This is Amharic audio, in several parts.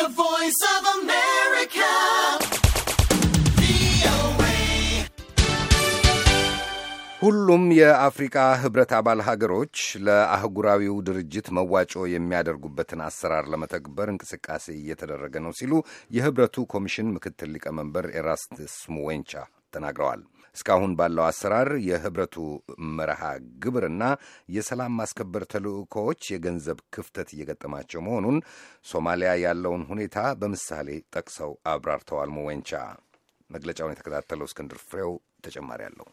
The Voice of America. ሁሉም የአፍሪካ ህብረት አባል ሀገሮች ለአህጉራዊው ድርጅት መዋጮ የሚያደርጉበትን አሰራር ለመተግበር እንቅስቃሴ እየተደረገ ነው ሲሉ የህብረቱ ኮሚሽን ምክትል ሊቀመንበር ኤራስትስ ሙዌንቻ ተናግረዋል። እስካሁን ባለው አሰራር የህብረቱ መርሃ ግብርና የሰላም ማስከበር ተልእኮዎች የገንዘብ ክፍተት እየገጠማቸው መሆኑን ሶማሊያ ያለውን ሁኔታ በምሳሌ ጠቅሰው አብራርተዋል። ሙዌንቻ መግለጫውን የተከታተለው እስክንድር ፍሬው ተጨማሪ አለው።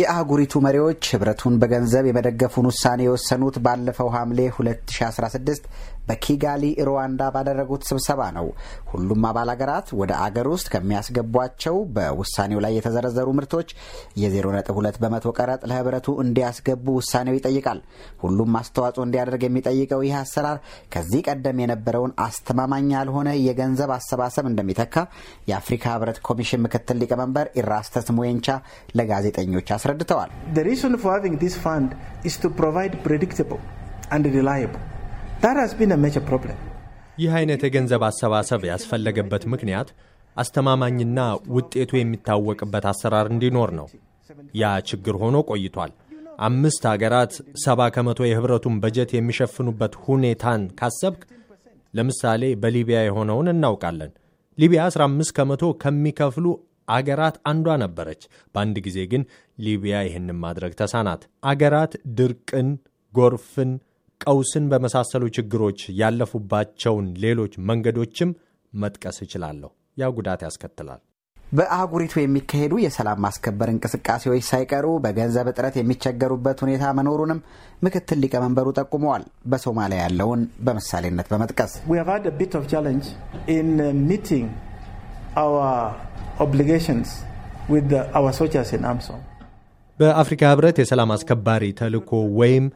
የአህጉሪቱ መሪዎች ህብረቱን በገንዘብ የመደገፉን ውሳኔ የወሰኑት ባለፈው ሐምሌ 2016 በኪጋሊ ሩዋንዳ ባደረጉት ስብሰባ ነው። ሁሉም አባል አገራት ወደ አገር ውስጥ ከሚያስገቧቸው በውሳኔው ላይ የተዘረዘሩ ምርቶች የ0.2 በመቶ ቀረጥ ለህብረቱ እንዲያስገቡ ውሳኔው ይጠይቃል። ሁሉም አስተዋጽኦ እንዲያደርግ የሚጠይቀው ይህ አሰራር ከዚህ ቀደም የነበረውን አስተማማኝ ያልሆነ የገንዘብ አሰባሰብ እንደሚተካ የአፍሪካ ህብረት ኮሚሽን ምክትል ሊቀመንበር ኢራስተስ ሙዌንቻ ለጋዜጠኞች አስረድተዋል። ይህ አይነት የገንዘብ አሰባሰብ ያስፈለገበት ምክንያት አስተማማኝና ውጤቱ የሚታወቅበት አሰራር እንዲኖር ነው። ያ ችግር ሆኖ ቆይቷል። አምስት አገራት ሰባ ከመቶ የህብረቱን በጀት የሚሸፍኑበት ሁኔታን ካሰብክ፣ ለምሳሌ በሊቢያ የሆነውን እናውቃለን። ሊቢያ 15 ከመቶ ከሚከፍሉ አገራት አንዷ ነበረች። በአንድ ጊዜ ግን ሊቢያ ይህንን ማድረግ ተሳናት። አገራት ድርቅን፣ ጎርፍን ቀውስን በመሳሰሉ ችግሮች ያለፉባቸውን ሌሎች መንገዶችም መጥቀስ እችላለሁ። ያ ጉዳት ያስከትላል። በአህጉሪቱ የሚካሄዱ የሰላም ማስከበር እንቅስቃሴዎች ሳይቀሩ በገንዘብ እጥረት የሚቸገሩበት ሁኔታ መኖሩንም ምክትል ሊቀመንበሩ ጠቁመዋል። በሶማሊያ ያለውን በምሳሌነት በመጥቀስ uh, uh, በአፍሪካ ህብረት የሰላም አስከባሪ ተልዕኮ ወይም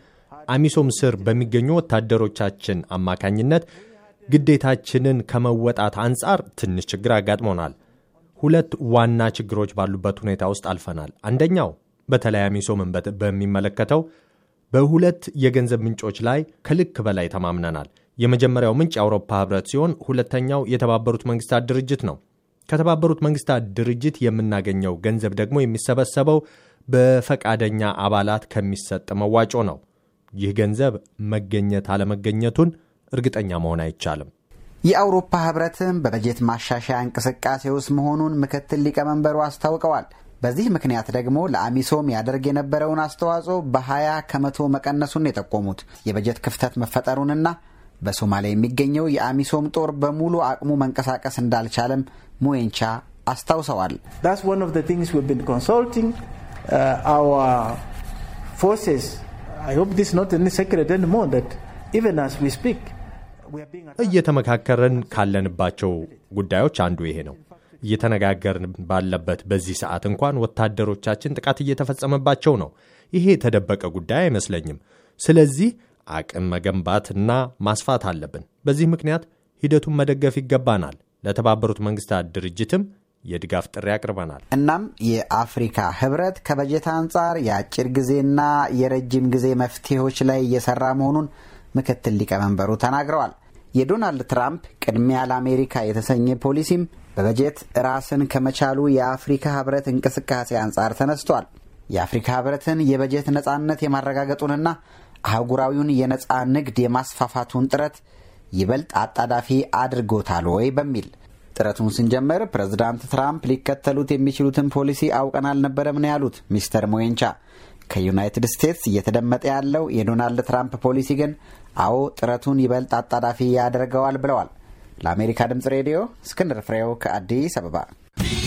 አሚሶም ስር በሚገኙ ወታደሮቻችን አማካኝነት ግዴታችንን ከመወጣት አንጻር ትንሽ ችግር አጋጥሞናል። ሁለት ዋና ችግሮች ባሉበት ሁኔታ ውስጥ አልፈናል። አንደኛው በተለይ አሚሶምን በሚመለከተው በሁለት የገንዘብ ምንጮች ላይ ከልክ በላይ ተማምነናል። የመጀመሪያው ምንጭ የአውሮፓ ህብረት ሲሆን ሁለተኛው የተባበሩት መንግስታት ድርጅት ነው። ከተባበሩት መንግስታት ድርጅት የምናገኘው ገንዘብ ደግሞ የሚሰበሰበው በፈቃደኛ አባላት ከሚሰጥ መዋጮ ነው። ይህ ገንዘብ መገኘት አለመገኘቱን እርግጠኛ መሆን አይቻልም። የአውሮፓ ህብረትም በበጀት ማሻሻያ እንቅስቃሴ ውስጥ መሆኑን ምክትል ሊቀመንበሩ አስታውቀዋል። በዚህ ምክንያት ደግሞ ለአሚሶም ያደርግ የነበረውን አስተዋጽኦ በ20 ከመቶ መቀነሱን የጠቆሙት የበጀት ክፍተት መፈጠሩንና በሶማሊያ የሚገኘው የአሚሶም ጦር በሙሉ አቅሙ መንቀሳቀስ እንዳልቻለም ሙዌንቻ አስታውሰዋል። ዳትስ ዋን እየተመካከረን ካለንባቸው ጉዳዮች አንዱ ይሄ ነው። እየተነጋገርን ባለበት በዚህ ሰዓት እንኳን ወታደሮቻችን ጥቃት እየተፈጸመባቸው ነው። ይሄ የተደበቀ ጉዳይ አይመስለኝም። ስለዚህ አቅም መገንባትና ማስፋት አለብን። በዚህ ምክንያት ሂደቱን መደገፍ ይገባናል። ለተባበሩት መንግስታት ድርጅትም የድጋፍ ጥሪ አቅርበናል። እናም የአፍሪካ ህብረት ከበጀት አንጻር የአጭር ጊዜና የረጅም ጊዜ መፍትሄዎች ላይ እየሰራ መሆኑን ምክትል ሊቀመንበሩ ተናግረዋል። የዶናልድ ትራምፕ ቅድሚያ ለአሜሪካ የተሰኘ ፖሊሲም በበጀት ራስን ከመቻሉ የአፍሪካ ህብረት እንቅስቃሴ አንጻር ተነስቷል። የአፍሪካ ህብረትን የበጀት ነፃነት የማረጋገጡንና አህጉራዊውን የነፃ ንግድ የማስፋፋቱን ጥረት ይበልጥ አጣዳፊ አድርጎታል ወይ በሚል ጥረቱን ስንጀምር ፕሬዝዳንት ትራምፕ ሊከተሉት የሚችሉትን ፖሊሲ አውቀን አልነበረም ነው ያሉት ሚስተር ሞዌንቻ። ከዩናይትድ ስቴትስ እየተደመጠ ያለው የዶናልድ ትራምፕ ፖሊሲ ግን አዎ ጥረቱን ይበልጥ አጣዳፊ ያደርገዋል ብለዋል። ለአሜሪካ ድምፅ ሬዲዮ እስክንድር ፍሬው ከአዲስ አበባ